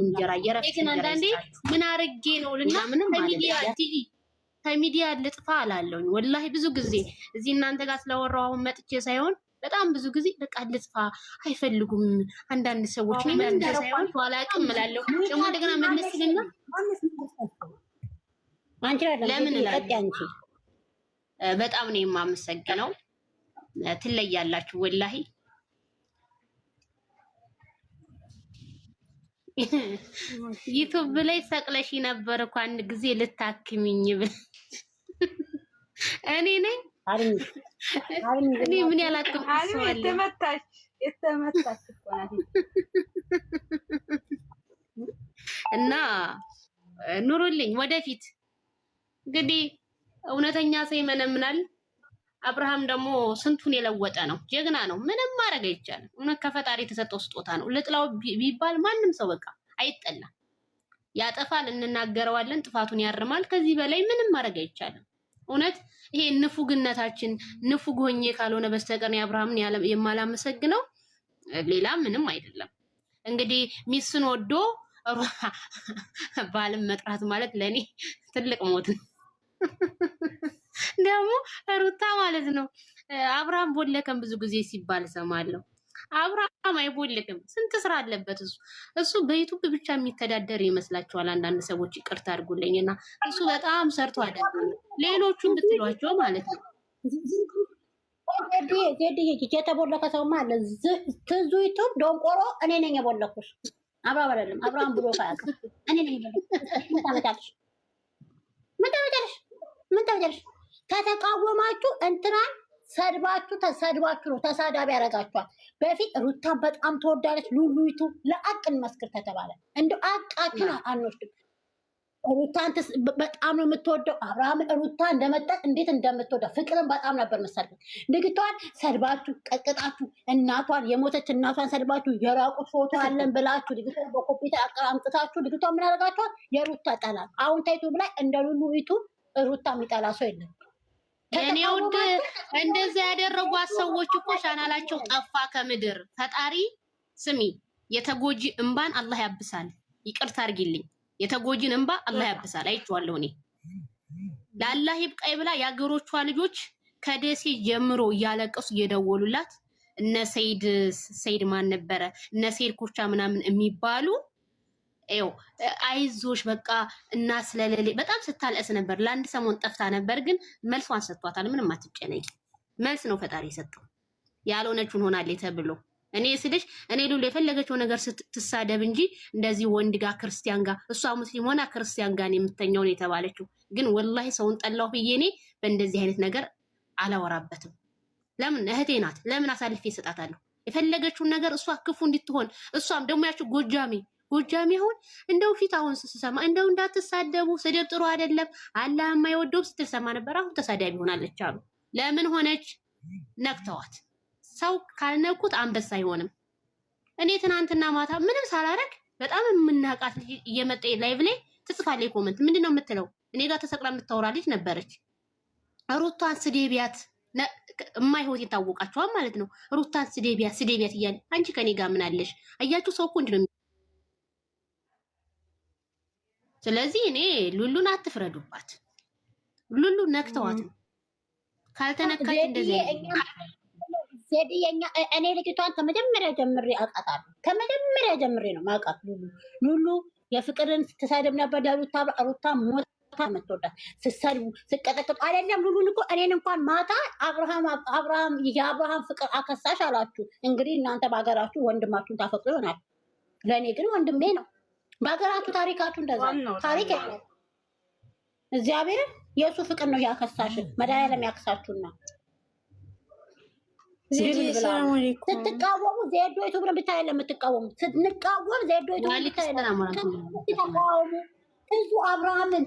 እንጀራ እየረፍት አንዳንዴ ምን አርጌ ነው ልና ከሚዲያ ልጥፋ ወላሂ ብዙ ጊዜ እዚህ እናንተ ጋር ስለወራው አሁን መጥቼ ሳይሆን በጣም ብዙ ጊዜ በቃ ልጥፋ አይፈልጉም አንዳንድ ሰዎች ሳይሆን አላቅም እላለሁ። ደግሞ እንደገና ለምን እላለሁ። በጣም ነው የማመሰግነው። ትለያላችሁ ወላሂ ዩቱብ ላይ ሰቅለሽ ነበር እኮ አንድ ጊዜ ልታክሚኝ ብል እኔ ነኝ። እኔ ምን ያላክም እና ኑሩልኝ። ወደፊት እንግዲህ እውነተኛ ሰው ይመነምናል። አብርሃም ደግሞ ስንቱን የለወጠ ነው። ጀግና ነው። ምንም ማድረግ አይቻልም። እውነት ከፈጣሪ የተሰጠው ስጦታ ነው። ልጥላው ቢባል ማንም ሰው በቃ አይጠላም። ያጠፋል፣ እንናገረዋለን። ጥፋቱን ያርማል። ከዚህ በላይ ምንም ማድረግ አይቻልም። እውነት ይሄ ንፉግነታችን ንፉግ ሆኜ ካልሆነ በስተቀር የአብርሃምን የማላመሰግነው ሌላ ምንም አይደለም። እንግዲህ ሚስን ወዶ ባልም መጥራት ማለት ለእኔ ትልቅ ሞት ነው። ደግሞ ሩታ ማለት ነው አብርሃም ቦለከም ብዙ ጊዜ ሲባል ሰማለሁ። አብርሃም አይቦልክም። ስንት ስራ አለበት እሱ እሱ በዩቱብ ብቻ የሚተዳደር ይመስላችኋል? አንዳንድ ሰዎች ይቅርታ አድርጉልኝ እና እሱ በጣም ሰርቶ አደ ሌሎቹን ብትሏቸው ማለት ነው የተቦለከ ሰውማ አለ። ትዙ ዩቱብ ዶንቆሮ እኔ ነኝ የቦለኩሽ። አብርሃም አይደለም። አብርሃም ብሎ ካያቅ እኔ ነኝ ምን ታመጫለሽ? ምን ታመጫለሽ? ምን ታመጫለሽ? ከተቃወማችሁ እንትናን ሰድባችሁ ተሰድባችሁ ነው ተሳዳቢ ያደርጋችኋል። በፊት ሩታን በጣም ተወዳለች ሉሉይቱ ለአቅ እንመስክር ተተባለ እንደ አቃችን አንወስድም። ሩታን በጣም ነው የምትወደው። አብርሃም ሩታ እንደመጣ እንዴት እንደምትወደው ፍቅርን በጣም ነበር መሰድበት። ንግቷን ሰድባችሁ ቀጥቅጣችሁ፣ እናቷን የሞተች እናቷን ሰድባችሁ የራቁት ፎቶ አለን ብላችሁ ልጅቷን በኮምፒውተር አቀራምጥታችሁ ልጅቷን ምን አደርጋችኋል? የሩታ ጠላት አሁን ታይቱ ላይ እንደ ሉሉይቱ ሩታ የሚጠላ ሰው የለም። የኔ ውድ እንደዛ ያደረጓት ሰዎች እኮ ቻናላቸው ጠፋ ከምድር። ፈጣሪ ስሚ፣ የተጎጂ እንባን አላህ ያብሳል። ይቅርታ አድርጊልኝ፣ የተጎጂን እንባ አላህ ያብሳል። አይቼዋለሁ እኔ ለአላህ ይብቃይ ብላ የአገሮቿ ልጆች ከደሴ ጀምሮ እያለቀሱ እየደወሉላት እነ ሰይድ ሰይድ ማን ነበረ እነ ሰይድ ኩርቻ ምናምን የሚባሉ ው አይዞሽ በቃ እና ስለሌሌ በጣም ስታለቅስ ነበር። ለአንድ ሰሞን ጠፍታ ነበር፣ ግን መልሷን ሰጥቷታል። ምንም አትጨነቂ፣ መልስ ነው ፈጣሪ የሰጠው። ያልሆነችውን ሆናለች ተብሎ እኔ ስልሽ እኔ ሉል የፈለገችው ነገር ስትሳደብ እንጂ እንደዚህ ወንድ ጋር ክርስቲያን ጋር እሷ ሙስሊም ሆና ክርስቲያን ጋር የምተኛውን የተባለችው ግን ወላሂ ሰውን ጠላሁ ብዬ እኔ በእንደዚህ አይነት ነገር አላወራበትም። ለምን እህቴ ናት፣ ለምን አሳልፌ እሰጣታለሁ? የፈለገችውን ነገር እሷ ክፉ እንድትሆን እሷም ደግሞ ጎጃሜ ጎጃም ይሁን እንደው ፊት አሁን ስሰማ እንደው እንዳትሳደቡ ስድብ ጥሩ አይደለም፣ አላህ የማይወደው ስትል ሰማ ነበር። አሁን ተሳዳቢ ሆናለች አሉ። ለምን ሆነች? ነክተዋት። ሰው ካልነኩት አንበሳ አይሆንም። እኔ ትናንትና ማታ ምንም ሳላረግ በጣም የምናቃት እየመጣ ላይቭ ላይ ትጽፋለች ኮመንት። ምንድን ነው የምትለው? እኔ ጋር ተሰቅላ የምታወራ ልጅ ነበረች። ሩቷን ስዴቢያት የማይሆን ይታወቃቸዋል ማለት ነው። ሩታን ስዴቢያት ስዴቢያት እያለ አንቺ ከኔ ጋር ምናለሽ? አያችሁ ሰው እኮ እንዲህ ነው። ስለዚህ እኔ ሉሉን አትፍረዱባት። ሉሉ ነክተዋት ነው ካልተነካች እንደዚህ እኔ ልጅቷን ከመጀመሪያ ጀምሬ አውቃታለሁ። ከመጀመሪያ ጀምሬ ነው ማውቃት። ሉሉ ሉሉ የፍቅርን ስትሳደብ ነበር ለሩታ ሩታ ሞታ መትወዳት ስትሰድቡ ስቀጠቅጡ አይደለም። ሉሉን እኮ እኔን እንኳን ማታ አብርሃም የአብርሃም ፍቅር አከሳሽ አላችሁ። እንግዲህ እናንተ በሀገራችሁ ወንድማችሁን ታፈቅሩ ይሆናል። ለእኔ ግን ወንድሜ ነው። በሀገራችሁ ታሪካችሁ እንደዛ ታሪክ ያለ እግዚአብሔርን የእሱ ፍቅር ነው ያከሳሽ። መድኃኒዓለም ያከሳችሁና ስትቃወሙ ዜዶ ዩቱብ ነው ብታይ ለምትቃወሙ ስንቃወም ዜዶ ዩቱብ ተቃወሙ። ትዙ አብርሃምን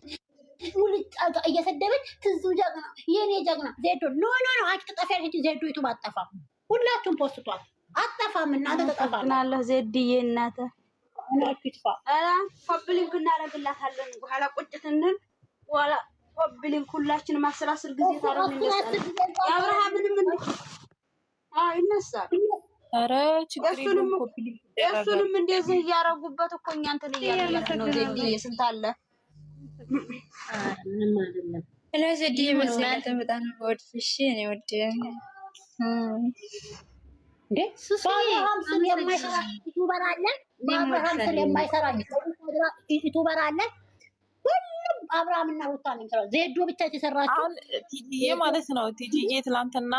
እየሰደበች ትዙ ጀግና፣ የኔ ጀግና ዜዶ ኖ ኖ ኖ አንቺ ትጠፊያለሽ። ዜዶ ዩቱብ አጠፋም። ሁላችሁም ፖስቷል። አጠፋም እናተ ተጠፋ ናለሁ ዜድዬ እናተ ሆብሊንክ እናደርግላታለን። በኋላ ቁጭ ስንል በኋላ ሆብሊንክ ሁላችንም አስር አስር ጊዜ ታረግ የአብርሃምንም ይነሳል። እሱንም እንደዚህ እያረጉበት እኮ እኛ እንትን እያደረግ ነው። ስንት አለ? ስለዚህ አብርሃም ስለማይሰራ ዩቱበር አለን። ሁሉም አብርሃምና ሩታ ነው የሚሰራው። ዜዶ ብቻ የተሰራችው ቲጂዬ ማለት ነው። ቲጂዬ ትላንትና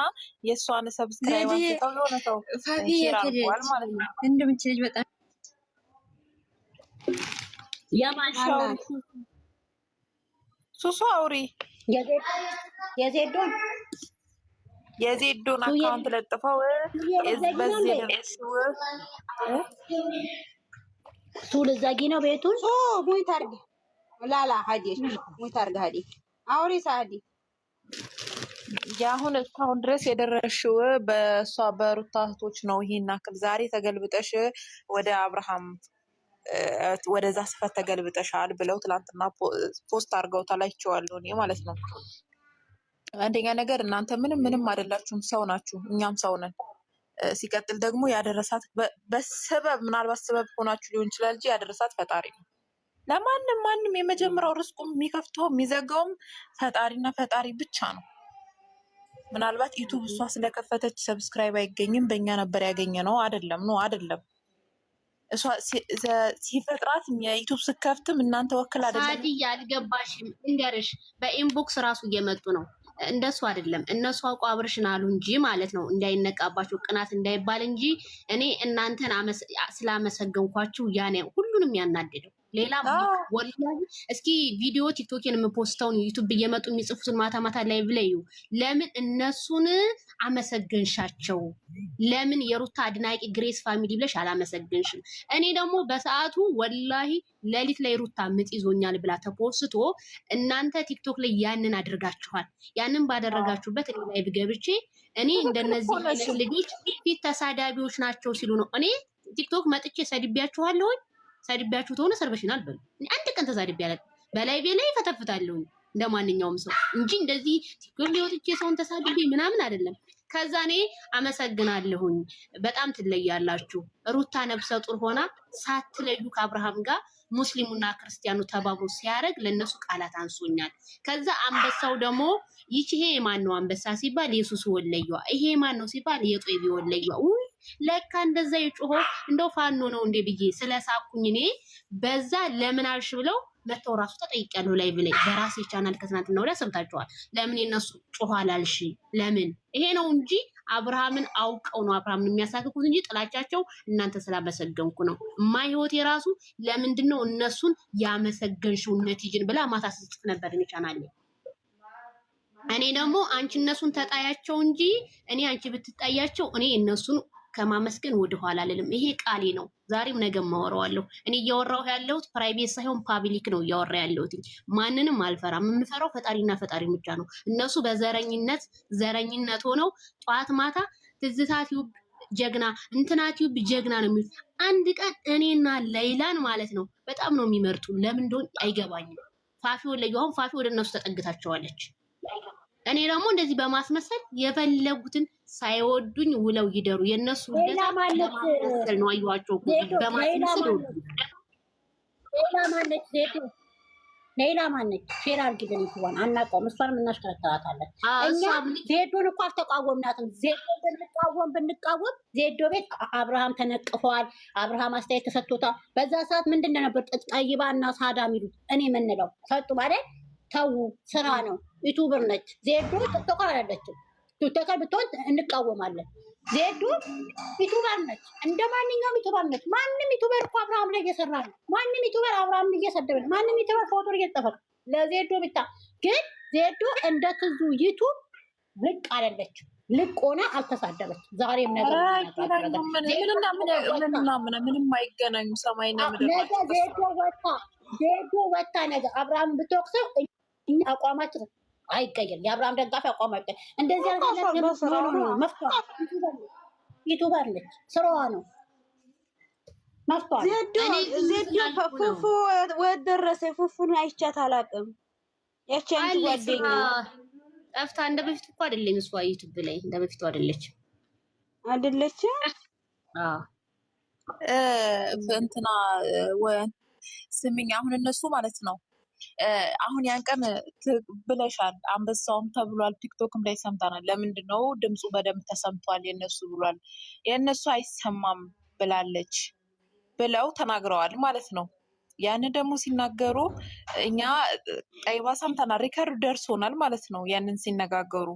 የእሷን ሰብስክራይብ የሆነ ሰው ማለት ነው እንደምችልጅ በጣም የማሻው ሱሱ አውሪ የዜዶን የዜዶን አካውንት ለጥፈው ቱልዛጊ ነው ቤቱን ሙይ ታርግ ላላ ሀዲ ሙይ ታርግ ሀዲ አውሪ ሳዲ የአሁን እስካሁን ድረስ የደረሽው በእሷ በሩታ እህቶች ነው። ይሄን አክል ዛሬ ተገልብጠሽ ወደ አብርሃም ወደዛ ስፈት ተገልብጠሻል ብለው ትላንትና ፖስት አድርገውታል። አይቼዋለሁ እኔ ማለት ነው አንደኛ ነገር እናንተ ምንም ምንም አይደላችሁም፣ ሰው ናችሁ፣ እኛም ሰው ነን። ሲቀጥል ደግሞ ያደረሳት በሰበብ ምናልባት ሰበብ ሆናችሁ ሊሆን ይችላል እንጂ ያደረሳት ፈጣሪ ነው። ለማንም ማንም የመጀመሪያው ርስቁም የሚከፍተው የሚዘጋውም ፈጣሪና ፈጣሪ ብቻ ነው። ምናልባት ዩቱብ እሷ ስለከፈተች ሰብስክራይብ አይገኝም፣ በእኛ ነበር ያገኘ ነው አደለም? ነው አደለም? እሷ ሲፈጥራት የዩቱብ ስከፍትም እናንተ ወክል አይደለም። ሳዲ አልገባሽም። እንገርሽ በኢንቦክስ ራሱ እየመጡ ነው እንደሱ አይደለም። እነሱ አውቀ አብርሽን አሉ እንጂ ማለት ነው እንዳይነቃባቸው ቅናት እንዳይባል እንጂ እኔ እናንተን ስላመሰገንኳችሁ ያኔ ሁሉንም ያናደደው ሌላ ወላሂ እስኪ ቪዲዮ ቲክቶኬን የምፖስተውን ዩቱብ እየመጡ የሚጽፉትን ማታ ማታ ላይ ብለዩ። ለምን እነሱን አመሰገንሻቸው? ለምን የሩታ አድናቂ ግሬስ ፋሚሊ ብለሽ አላመሰገንሽም? እኔ ደግሞ በሰዓቱ ወላሂ ሌሊት ላይ ሩታ ምጥ ይዞኛል ብላ ተፖስቶ እናንተ ቲክቶክ ላይ ያንን አድርጋችኋል። ያንን ባደረጋችሁበት እኔ ላይ ብገብቼ እኔ እንደነዚህ ልጆች ፊት ተሳዳቢዎች ናቸው ሲሉ ነው እኔ ቲክቶክ መጥቼ ሰድቢያችኋለሁኝ ሰድቢያችሁ ተሆነ ሰርበሽናል በሉ። አንድ ቀን ተሳድቤ አላውቅም። በላይ ቤ ላይ ፈተፍታለሁ እንደ ማንኛውም ሰው እንጂ እንደዚህ ችግር ሊወጥቼ ሰውን ተሳድቤ ምናምን አይደለም። ከዛ እኔ አመሰግናለሁኝ። በጣም ትለያላችሁ። ሩታ ነብሰ ጡር ሆና ሳትለዩ ከአብርሃም ጋር ሙስሊሙና ክርስቲያኑ ተባብሮ ሲያደርግ ለእነሱ ቃላት አንሶኛል። ከዛ አንበሳው ደግሞ ይቺ ይሄ ማን ነው አንበሳ ሲባል የሱስ ወለየዋ፣ ይሄ ማን ነው ሲባል የጦቢ ወለየዋ ለካ እንደዛ የጮሆ እንደው ፋኖ ነው እንዴ ብዬ ስለሳኩኝ እኔ በዛ ለምን አልሽ ብለው መተው ራሱ ተጠይቂያለሁ። ላይ ብላይ በራሴ ቻናል ከትናንትና ወዲያ ሰምታችኋል። ለምን የነሱ ጮሆ አላልሽ? ለምን ይሄ ነው እንጂ አብርሃምን አውቀው ነው አብርሃምን የሚያሳክኩት እንጂ ጥላቻቸው እናንተ ስላመሰገንኩ ነው። እማ ህይወት የራሱ ለምንድን ነው እነሱን ያመሰገንሽው ነቲጅን ብላ ማታ ስትጽፍ ነበር ቻናል እኔ ደግሞ አንቺ እነሱን ተጣያቸው እንጂ እኔ አንቺ ብትጣያቸው እኔ እነሱን ከማመስገን ወደኋላ አልልም። ይሄ ቃሌ ነው። ዛሬም ነገም ማወራዋለሁ። እኔ እያወራሁ ያለሁት ፕራይቬት ሳይሆን ፓብሊክ ነው እያወራ ያለሁት። ማንንም አልፈራም። የምፈራው ፈጣሪና ፈጣሪ ብቻ ነው። እነሱ በዘረኝነት ዘረኝነት ሆነው ጠዋት ማታ ትዝታ ቲዩብ ጀግና እንትና ቲዩብ ጀግና ነው የሚሉት። አንድ ቀን እኔና ለይላን ማለት ነው በጣም ነው የሚመርጡ። ለምን እንደሆነ አይገባኝም። ፋፊ ወለዩ አሁን ፋፊ ወደ እነሱ ተጠግታቸዋለች። እኔ ደግሞ እንደዚህ በማስመሰል የፈለጉትን ሳይወዱኝ ውለው ይደሩ። የእነሱ ውደታ ለማስመሰል ነው። አየኋቸው በማስመሰል ሌላ ማነች ዜድ ሌላ ማነች? ሼር አድርጊልን። ይትዋን አናውቀውም። እሷንም እናሽከረከራታለን። እኛ ዜዶን እኮ አልተቃወምናትም። ዜዶን ብንቃወም ብንቃወም ዜዶ ቤት አብርሃም ተነቅፈዋል። አብርሃም አስተያየት ተሰጥቶታል። በዛ ሰዓት ምንድን ነበር ጠይባ እና ሳዳ የሚሉት እኔ የምንለው ሰጡ ማለት ተዉ፣ ስራ ነው። ዩቱበር ነች ዜዶ ቲክቶከር አይደለችም። ቲክቶከር ብትሆን እንቃወማለን። ዜዶ ዩቱበር ነች፣ እንደ ማንኛውም ዩቱበር ነች። ማንም ዩቱበር እኮ አብርሃም ላይ እየሰራ ነው። ማንም ዩቱበር አብርሃም እየሰደበ ነው። ማንም ዩቱበር ፎቶ እየተጠፈ ለዜዶ ብታ ግን ዜዶ እንደ ትዙ ዩቱብ ልቅ አይደለችም። ልቅ ሆና አልተሳደበች። ዛሬም ነገር ምንም አይገናኙ። ነገ ዜዶ ወታ ዜዶ ወታ ነገ አብርሃም ብትወቅሰው እኛ አቋማችን አይቀየም። የአብርሃም ደጋፊ አቋም አይቀየም። እንደዚህ ዩቱበር ነች፣ ስራዋ ነው። መፍቷል ፉፉ ወት ደረሰ። ፉፉን አይቻት አላውቅም። ያቻንቺ ጓደኛ ጠፍታ እንደ በፊት እኮ አይደለም። እሷ ዩቱብ ላይ እንደ በፊቱ አይደለች አይደለች እንትና ስሚኝ፣ አሁን እነሱ ማለት ነው አሁን ያን ቀን ብለሻል። አንበሳውም ተብሏል፣ ቲክቶክም ላይ ሰምተናል። ለምንድን ነው ድምፁ በደንብ ተሰምቷል የነሱ ብሏል፣ የእነሱ አይሰማም ብላለች ብለው ተናግረዋል ማለት ነው። ያንን ደግሞ ሲናገሩ እኛ ጠይባ ሰምተናል፣ ሪከርድ ደርሶናል ማለት ነው። ያንን ሲነጋገሩ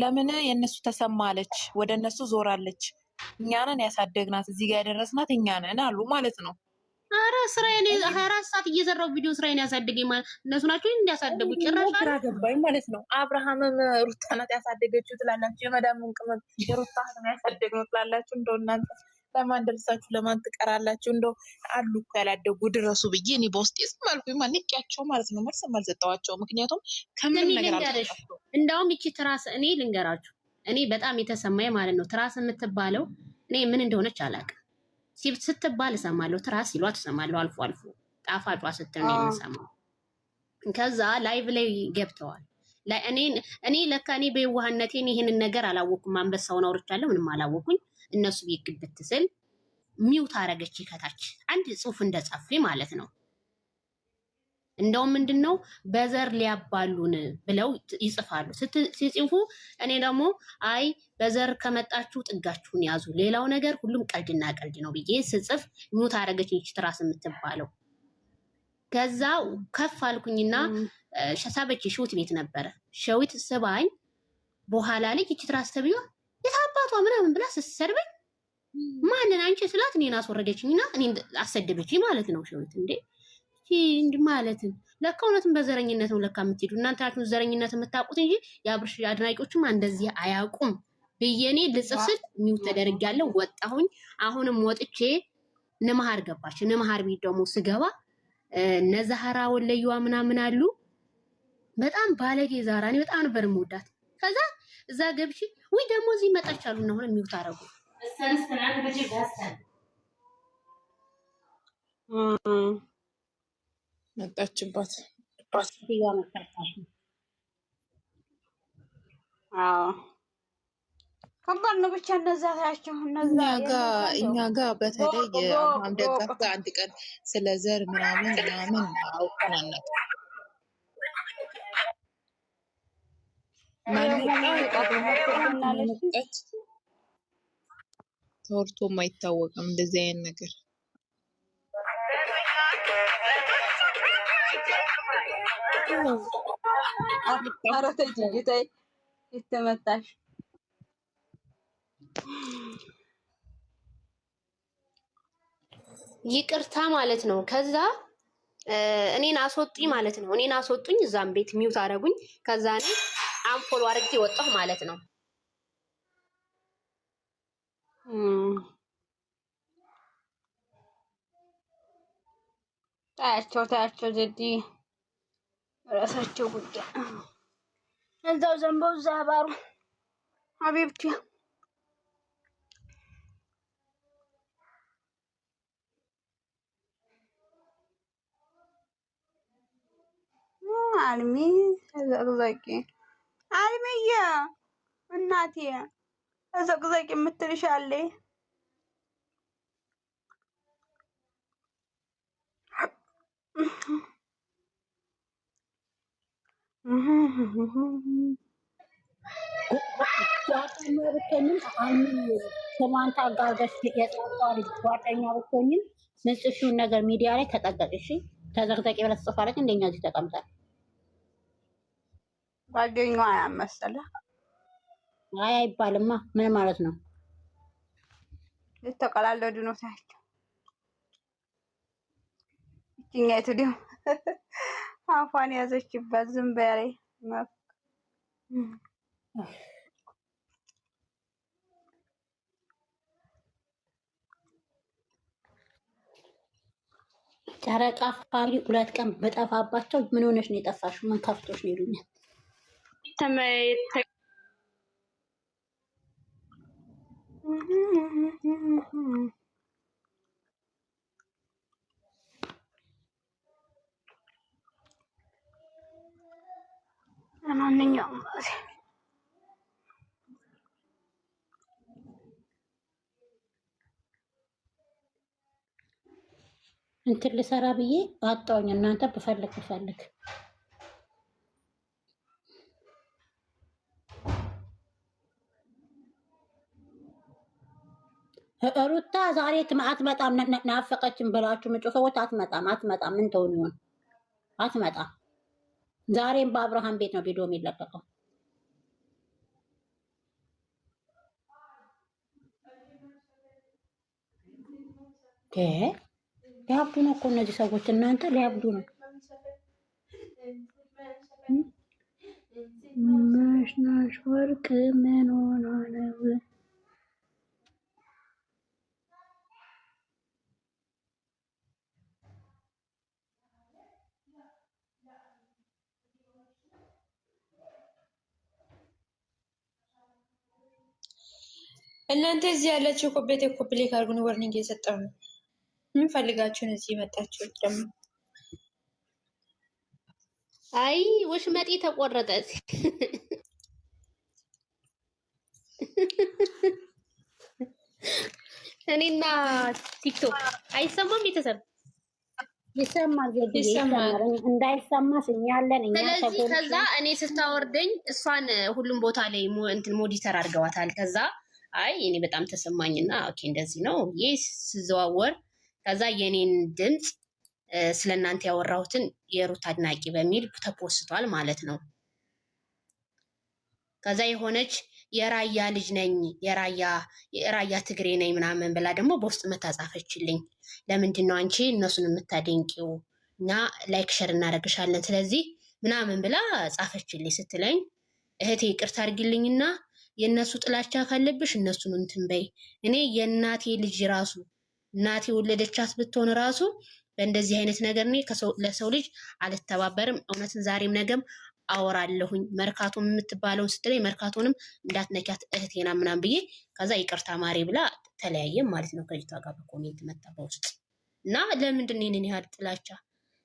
ለምን የእነሱ ተሰማለች፣ ወደ እነሱ ዞራለች፣ እኛንን ያሳደግናት እዚህ ጋር ያደረስናት እኛንን አሉ ማለት ነው። አረ ስራዬን ሀያ አራት ሰዓት እየሰራው ቪዲዮ ስራዬን ያሳደገ ማለት እነሱ ናቸው እንዲያሳደጉ ጭራሽ ገባኝ ማለት ነው። አብርሃምም ሩታ ናት ያሳደገችው ትላላችሁ፣ የመዳሙን ቅመም የሩታ ነው ያሳደግነው ትላላችሁ። እንደ እናንተ ለማን ደርሳችሁ ለማን ትቀራላችሁ? እንደ አሉ እኮ ያላደጉ ድረሱ ብዬ እኔ በውስጤ የስም አልኩኝ ማንቂያቸው ማለት ነው። መልስ አልሰጠኋቸው፣ ምክንያቱም ከምን ነገር እንዳውም ይቺ ትራስ እኔ ልንገራችሁ፣ እኔ በጣም የተሰማኝ ማለት ነው ትራስ የምትባለው እኔ ምን እንደሆነች አላውቅም ስትባል እሰማለሁ። ትራስ ሲሏ ትሰማለሁ። አልፎ አልፎ ጣፋጯ ስትል ነው የምሰማው። ከዛ ላይቭ ላይ ገብተዋል። እኔ ለካ እኔ በየዋህነቴን ይህንን ነገር አላወኩም። አንበሳውን አውርቻለሁ፣ ምንም አላወኩኝ። እነሱ ቤት ግብት ስል ሚውት አረገች ከታች አንድ ጽሁፍ እንደጻፍ ማለት ነው። እንደውም ምንድን ነው በዘር ሊያባሉን ብለው ይጽፋሉ። ሲጽፉ እኔ ደግሞ አይ በዘር ከመጣችሁ ጥጋችሁን ያዙ፣ ሌላው ነገር ሁሉም ቀልድና ቀልድ ነው ብዬ ስጽፍ ኙት አደረገች ይች ትራስ የምትባለው። ከዛ ከፍ አልኩኝና ሸሳበች ሸዊት ቤት ነበረ ሸዊት ስባኝ በኋላ ልጅ ይች ትራስ ተብያ የታባቷ ምናምን ብላ ስትሰርበኝ ማንን አንቺ ስላት እኔን አስወረደችኝና እኔ አሰደበችኝ ማለት ነው ሸዊት እንዴ ሂንድ ማለትን ለካ እውነትም በዘረኝነት ነው ለካ የምትሄዱ እናንተ ናችሁ ዘረኝነት የምታውቁት እንጂ የአብርሽ አድናቂዎችም እንደዚህ አያውቁም ብዬ እኔ ልጽፍ ስል ሚውት ተደርጊያለሁ። ወጣሁኝ። አሁንም ወጥቼ ንምሃር ገባች። ንምሃር ቤት ደግሞ ስገባ እነ ዛህራ ወለየዋ ምናምን አሉ። በጣም ባለጌ ዛራ፣ እኔ በጣም ነበር የምወዳት። ከዛ እዛ ገብሽ ውይ ደግሞ እዚህ መጣች አሉ እና አሁን ሚውት አደረጉ። መጣችባት ከባድ ነው። ብቻ እነዛ ታያቸው እኛ ጋ በተለይ አብርሃም ደጋፊ አንድ ቀን ስለ ዘር ምናምን ምናምን አውቀናነት አናውቅም። ተወርቶም አይታወቅም እንደዚህ አይነት ነገር ኧረ ተይ እንጂ ተይ የተመታሽ ይቅርታ ማለት ነው። ከዛ እኔን አስወጡኝ ማለት ነው። እኔን አስወጡኝ፣ እዛም ቤት ሚውት አደረጉኝ። ከዛ እኔ አንፎሎ አድርጌ ወጣሁ ማለት ነው። ታያቸው ታያቸው ጀዲ ራሳቸው ጉዳይ እዛው ዘንበው እዛ ባሩ ሀቢብቲ አልሚ ተዘቅዘቂ አልሚዬ እናቴ ተዘቅዘቂ የምትልሻለ ጓደኛ ብትሆኝም ስሟን ታጋርገሽ የጻፏ ልጅ ጓደኛ ብትሆኝም ምጽሹን ነገር ሚዲያ ላይ ተጠቀቅሽ ተዘቅዘቂ ብለሽ ትጽፋለች። እንደኛ እዚህ ተቀምጣል ጓደኛዋ ያመሰለ አይ አይባልማ። ምን ማለት ነው? ልተቀላለዱ ነው ሳያቸው እችኛ የቱ ዲሁ አፏን ያዘችባት። ዝም በያሬ ጨረቃ ፋሚሊ ሁለት ቀን በጠፋባቸው ምን ሆነሽ ነው የጠፋሽ? ምን ከፍቶሽ ነው ይሉኛል። ለማንኛውም እንትን ልሰራ ብዬ አጣውኝ። እናንተ ብፈልግ ብፈልግ ሩታ ዛሬ አትመጣም ናፈቀችን ብላችሁ ምጮ ሰዎች አትመጣም፣ አትመጣም ምን ተውን ይሆን አትመጣም ዛሬም በአብርሃም ቤት ነው ቪዲዮ የሚለቀቀው። ሊያብዱ ነው እኮ እነዚህ ሰዎች እናንተ ሊያብዱ ነው። መሽናሽ ወርቅ ምን ሆና ነው? እናንተ እዚህ ያላችሁ ኮቤት ኮፕሊክ አርጉን ወርኒንግ የሰጠው ነው። ምን ፈልጋችሁን እዚህ መጣችሁ? ደግሞ አይ ወሽመጤ ተቆረጠ። እኔና ቲክቶክ አይሰማም። ቤተሰብ ይሰማል፣ ይሰማል። እንዳይሰማ ስኛለን እኛ። ስለዚህ ከዛ እኔ ስታወርደኝ እሷን ሁሉም ቦታ ላይ እንትን ሞዲተር አድርገዋታል። ከዛ አይ እኔ በጣም ተሰማኝና ኦኬ እንደዚህ ነው ይህ ስዘዋወር ከዛ የኔን ድምፅ ስለ እናንተ ያወራሁትን የሩት አድናቂ በሚል ተፖስቷል ማለት ነው። ከዛ የሆነች የራያ ልጅ ነኝ የራያ ትግሬ ነኝ ምናምን ብላ ደግሞ በውስጥ መታጻፈችልኝ። ለምንድን ነው አንቺ እነሱን የምታደንቂው? እና ላይክ ሸር እናደርግሻለን ስለዚህ ምናምን ብላ ጻፈችልኝ ስትለኝ እህቴ ይቅርታ አድርጊልኝና የእነሱ ጥላቻ ካለብሽ እነሱን እንትን በይ። እኔ የእናቴ ልጅ ራሱ እናቴ ወለደቻት ብትሆን ራሱ በእንደዚህ አይነት ነገር እኔ ለሰው ልጅ አልተባበርም። እውነትን ዛሬም ነገም አወራለሁኝ። መርካቶም የምትባለውን ስትለኝ መርካቶንም እንዳትነኪያት እህቴና ምናም ብዬ ከዛ ይቅርታ ማሬ ብላ ተለያየም ማለት ነው ከጅቷ ጋር በኮሜንት መጣ በውስጥ እና ለምንድን ይህንን ያህል ጥላቻ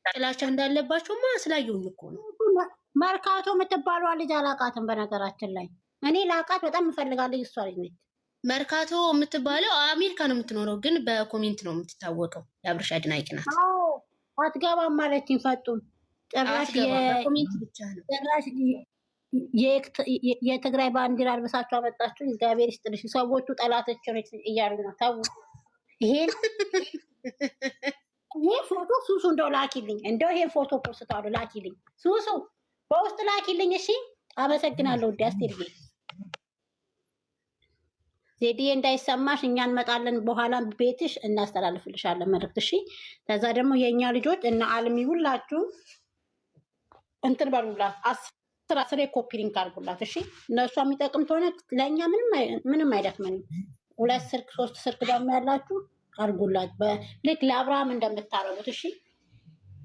ጥላቻ እንዳለባቸውማ ስላየውኝ እኮ ነው። መርካቶ የምትባሏ ልጅ አላቃትም በነገራችን ላይ እኔ ለአቃት በጣም እፈልጋለሁ። እሷ ነች መርካቶ የምትባለው አሜሪካ ነው የምትኖረው፣ ግን በኮሜንት ነው የምትታወቀው። የአብርሻ አድናቂ ናት። አትገባም ማለት ይፈጡም ጭራሽ የትግራይ ባንዲራ አልበሳችሁ አመጣችሁ። እግዚአብሔር ይስጥልሽ። ሰዎቹ ጠላቶች እያሉ ነው። ተው ይሄን ይህ ፎቶ ሱሱ እንደው ላኪልኝ፣ እንደው ይሄን ፎቶ ፖስታሉ ላኪልኝ፣ ሱሱ በውስጥ ላኪልኝ። እሺ አመሰግናለሁ። ውዴ አስቴርጌ ዜዲ እንዳይሰማሽ፣ እኛ እንመጣለን። በኋላ ቤትሽ እናስተላልፍልሻለን መልዕክት። እሺ። ከዛ ደግሞ የእኛ ልጆች እና አልሚ ሁላችሁ እንትን በሉላት፣ አስር አስሬ ኮፒ ሊንክ አድርጉላት። እሺ። እነሷ የሚጠቅም ከሆነ ለእኛ ምንም አይደክመንም። ሁለት ስልክ ሶስት ስልክ ደግሞ ያላችሁ አድርጉላት፣ ልክ ለአብርሃም እንደምታረጉት። እሺ።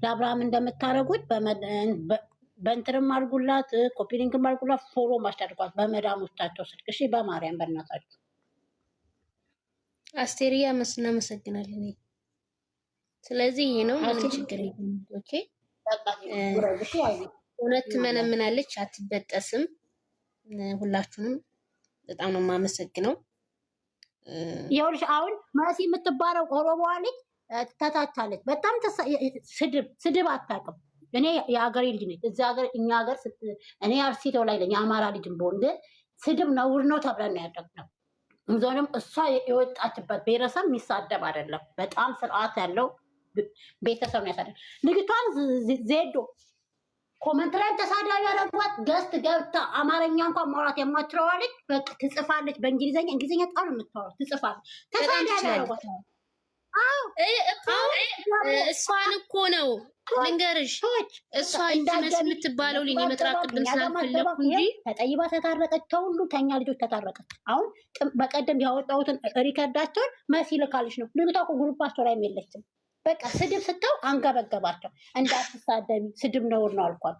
ለአብርሃም እንደምታረጉት በእንትንም አድርጉላት፣ ኮፒ ሊንክም አድርጉላት፣ ፎሎ ማስታድርጓት በመዳሞቻቸው ስልክ። እሺ። በማርያም በእናታችሁ አስቴሪያ መስና መሰግናለን። ስለዚህ ይሄ ነው ምንም ችግር የለም። ኦኬ እውነት መነምናለች፣ አትበጠስም። ሁላችሁንም በጣም ነው የማመሰግነው። ይኸውልሽ አሁን መሲ የምትባለው ኦሮሞዋ ልጅ ተታታለች። በጣም ስድብ ስድብ አታውቅም። እኔ የሀገሬ ልጅ ነች። እዚ ሀገር እኛ ሀገር እኔ አርሲቶ ላይ ለኝ አማራ ልጅ በሆን ግን ስድብ ነውር ነው ተብለን ነው ያደግነው። እንደውም እሷ የወጣችበት ብሔረሰብ የሚሳደብ አይደለም። በጣም ስርዓት ያለው ቤተሰብ ነው ያሳደ ንግቷን ዜዶ ኮመንት ላይ ተሳዳቢ ያደረጓት ገስት ገብታ አማርኛ እንኳን ማውራት የማትችለዋለች። ትጽፋለች በእንግሊዝኛ፣ እንግሊዝኛ ጣም የምታወራ ትጽፋለች። ተሳዳቢ ያደረጓት እሷን እኮ ነው ልንገርሽ፣ እሷ የምትባለው ልኝ ስላልፈለኩ እንጂ ተጠይባ ተታረቀች። ከሁሉ ልጆች ተታረቀች። አሁን በቀደም ያወጣሁትን ሪከርዳቸውን መሲ ልካልሽ ነው። ልጅቷ እኮ ላይ የለችም። በቃ ስድብ ስተው አንገበገባቸው። እንዳትሳደቢ ስድብ ነውር ነው አልኳል።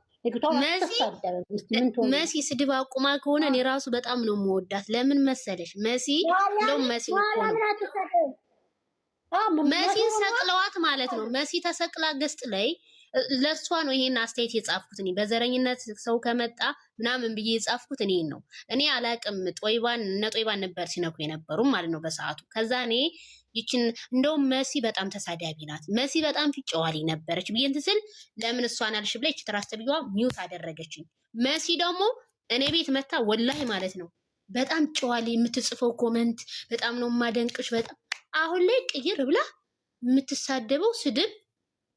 መሲ ስድብ አቁማ ከሆነ እኔ ራሱ በጣም ነው የምወዳት። ለምን መሰለሽ መሲ እንደውም መሲ መሲን ሰቅለዋት ማለት ነው። መሲ ተሰቅላ ገስጥ ላይ ለእሷ ነው ይሄን አስተያየት የጻፍኩት እኔ። በዘረኝነት ሰው ከመጣ ምናምን ብዬ የጻፍኩት እኔን ነው። እኔ አላቅም። ጦይባን እነ ጦይባን ነበር ሲነኩ የነበሩም ማለት ነው በሰዓቱ። ከዛ እኔ ይችን እንደውም መሲ በጣም ተሳዳቢ ናት፣ መሲ በጣም ፊጨዋሊ ነበረች ብዬ እንትን ስል ለምን እሷን አልሽ ብላ ይች ትራስ ተብዬዋ ሚውት አደረገችኝ። መሲ ደግሞ እኔ ቤት መታ ወላይ ማለት ነው በጣም ጨዋሊ የምትጽፈው ኮመንት በጣም ነው የማደንቅሽ በጣም አሁን ላይ ቅይር ብላ የምትሳደበው ስድብ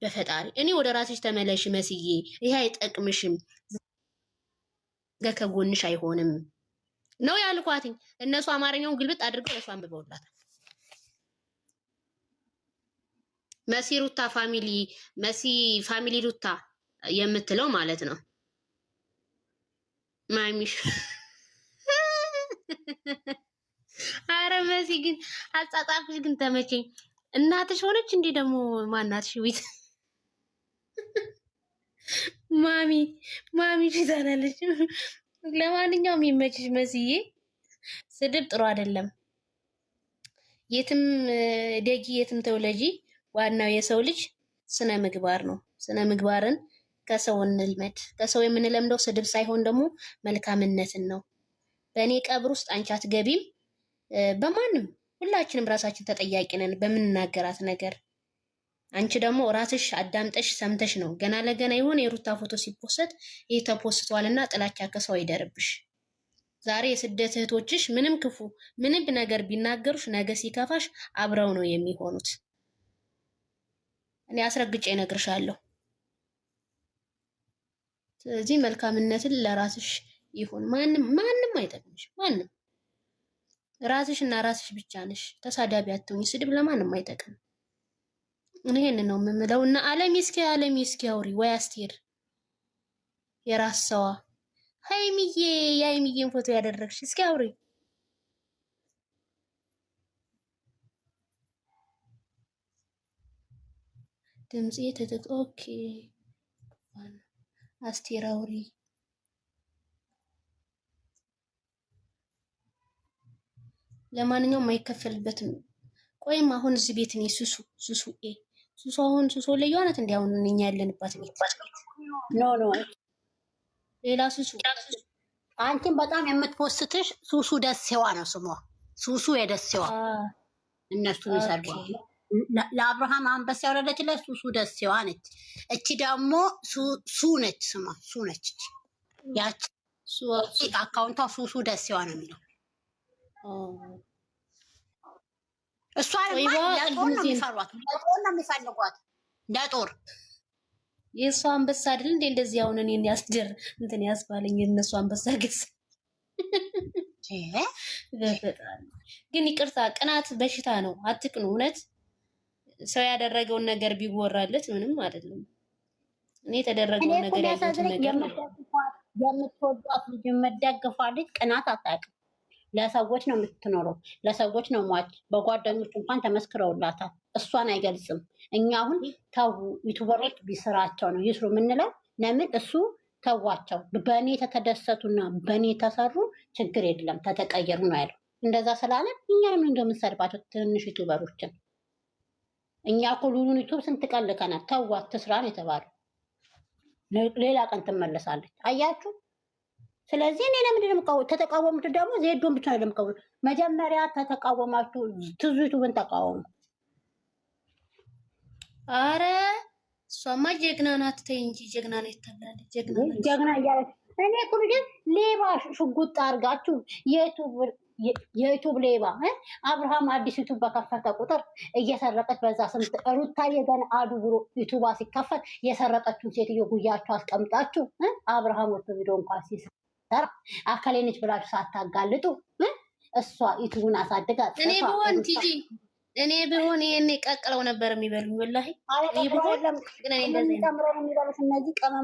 በፈጣሪ እኔ ወደ ራስሽ ተመለሽ መስዬ፣ ይህ አይጠቅምሽም፣ ከጎንሽ አይሆንም ነው ያልኳትኝ። እነሱ አማርኛውን ግልብጥ አድርገው ለሷ አንብበውላታል። መሲ ሩታ ፋሚሊ መሲ ፋሚሊ ሩታ የምትለው ማለት ነው ማሚሽ አረ መሲ ግን አጻጻፍሽ ግን ተመቼ እናትሽ ሆነች እንዴ ደግሞ ማናትሽ? ዊት ማሚ ማሚ ፊዛናለች። ለማንኛውም ይመችሽ መስዬ። ስድብ ጥሩ አይደለም። የትም ደጊ የትም ተውለጂ። ዋናው የሰው ልጅ ስነ ምግባር ነው። ስነ ምግባርን ከሰው እንልመድ። ከሰው የምንለምደው ስድብ ሳይሆን ደግሞ መልካምነትን ነው። በእኔ ቀብር ውስጥ አንቺ አትገቢም በማንም ሁላችንም ራሳችን ተጠያቂ ነን በምንናገራት ነገር። አንቺ ደግሞ ራስሽ አዳምጠሽ ሰምተሽ ነው። ገና ለገና የሆነ የሩታ ፎቶ ሲፖሰት ይህ ተፖስቷል እና ጥላቻ ከሰው አይደርብሽ። ዛሬ የስደት እህቶችሽ ምንም ክፉ ምንም ነገር ቢናገሩሽ ነገ ሲከፋሽ አብረው ነው የሚሆኑት። እኔ አስረግጬ እነግርሻለሁ። ስለዚህ መልካምነትን ለራስሽ ይሁን። ማንም ማንም አይጠቅምሽ ማንም ራስሽ እና ራስሽ ብቻ ነሽ። ተሳዳቢ አትሁኝ። ስድብ ለማንም አይጠቅም። ይሄን ነው የምምለው። እና አለም እስኪ አለም እስኪ አውሪ ወይ አስቴር የራስ ሰዋ ሀይሚዬ የሀይሚዬን ፎቶ ያደረግሽ እስኪ አውሪ። ድምጽ ተጠቅ ኦኬ አስቴር አውሪ ለማንኛውም አይከፈልበትም። ቆይም አሁን እዚህ ቤት እኔ ሱሱ ሱሱ ኤ ሱሱ አሁን ሱሶ ለየዋ ናት። እንዲ አሁን እኛ ያለንባት ቤት ሌላ ሱሱ አንቺን በጣም የምትወስትሽ ሱሱ ደሴዋ ነው ስሟ። ሱሱ የደሴዋ እነሱ ይሰሩ ለአብርሃም አንበሳ ያወረደችለት ሱሱ ደሴዋ ነች። እቺ ደግሞ ሱ ነች ስሟ ሱ ነች። ያቺ አካውንቷ ሱሱ ደሴዋ ነው የሚለው እሷን ለጦር ነው የሚፈሯት፣ ለጦር ነው የሚፈልጓት፣ ለጦር የእሷ አንበሳ አይደል እንዴ? እንደዚህ አሁን እኔን ያስደር እንትን ያስባለኝ የእነሱ አንበሳ ገስ ግን ይቅርታ፣ ቅናት በሽታ ነው። አትቅኑ። እውነት ሰው ያደረገውን ነገር ቢወራለት ምንም አይደለም። እኔ የተደረገውን ነገር ነገር የምትወዷት ልጅ የምትደግፏ ልጅ ቅናት አታውቅም። ለሰዎች ነው የምትኖረው፣ ለሰዎች ነው ሟች። በጓደኞች እንኳን ተመስክረውላታል። እሷን አይገልጽም። እኛ አሁን ተዉ ዩቱበሮች ቢስራቸው ነው ይስሩ የምንለው። ለምን እሱ ተዋቸው። በእኔ ተተደሰቱና በእኔ ተሰሩ ችግር የለም ተተቀየሩ ነው ያለው። እንደዛ ስላለ እኛ እኛንም እንደምንሰድባቸው ትንሽ ዩቱበሮችን እኛ እኮ ሉሉን ዩቱብ ስንት ቀን ልከናል። ተዋት ትስራን የተባለው ሌላ ቀን ትመለሳለች። አያችሁ ስለዚህ እኔ ለምንድን ነው የምቃወ ተተቃወሙት ደግሞ ዜዶን ብቻ ነው የምቃወ መጀመሪያ ተተቃወማችሁ ትዙቱ ብን ተቃወሙ። አረ እሷማ ጀግና ናት። ተይ እንጂ ጀግና ናት ተብላለች። ጀግና እያለች እኔ እኮ ልጅ ሌባ ሽጉጥ አድርጋችሁ የዩቱብ ሌባ አብርሃም አዲስ ዩቱብ በከፈተ ቁጥር እየሰረቀች በዛ ስምት ሩታ ገና አዱ ብሮ ዩቱባ ሲከፈት የሰረቀችውን ሴትዮ ጉያችሁ አስቀምጣችሁ አብርሃም ወቶ ቪዲዮ እንኳን ሲሰ ዶክተር አካሌ ነች ብላችሁ ሳታጋልጡ እሷ ዩቱቡን አሳድጋ እኔ ብሆን ቲጂ እኔ ብሆን ይሄን ቀቅለው ነበር የሚበሉ ወላሂ ይብሆን ለምን ግን እኔ እንደዚህ የሚበሉት እነዚህ ቀመ